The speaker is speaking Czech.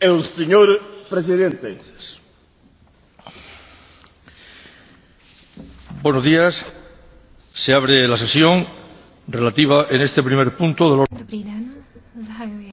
El señor presidente. Buenos días. Se abre la sesión relativa en este primer punto de los.